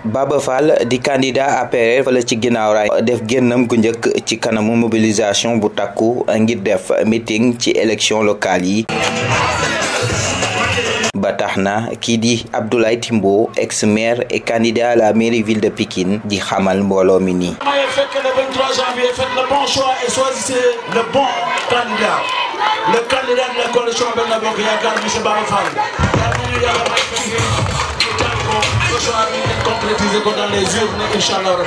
Baba Fall di candidat APR fële ci ginnaaw raay def génnam gu njëkk ci kanamu mobilisation bu takku ngir def meeting ci élection locale yi ba tax na kii di Abdoulaye Timbo ex maire et candidat la mairie ville de Pikine di xamal mbooloo mi nii. journée incha allah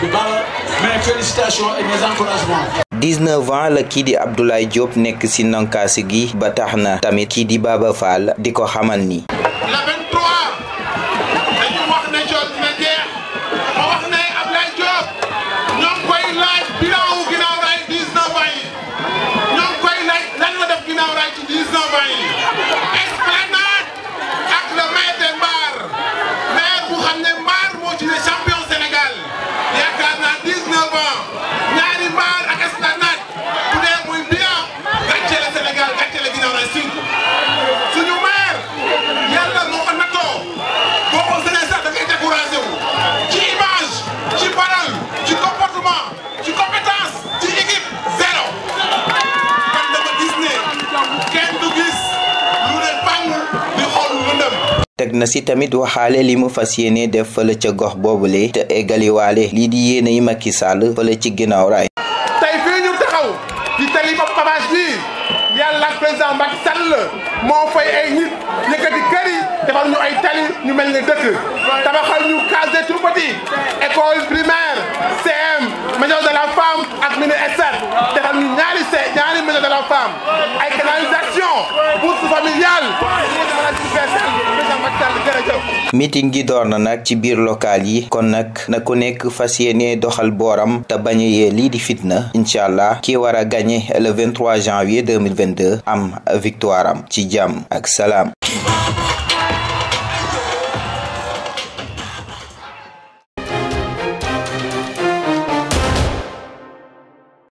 ans la kii di Abdoulaye Diop nekk ci nankaasi gi ba tax na tamit ki di Baba Fall di ko xamal ni. teg na si tamit waxaale li mu fasiyene yéene def fële ci gox bobu le te egali walé li di yene yi Macky Sall fële ci ginaaw ray tay fi ñu taxaw di tali bop pavage bi yàlla président Macky Sall mo fay ay nit yëkkati kër yi defal ñu ay tali ñu melni dëkk tabaxal ñu case des tout-petits école primaire CM maison de la femme ak mini SR defar ñu ñaari ñaari maison de la femme ay canal mitin gi door na nag ci biir local yi kon nag na ku nekk fas yéene doxal booram te bañ yee lii di fitna incha allah ki war a gagné le 23 janvier 2022 am victoire am ci jàmm ak salaam.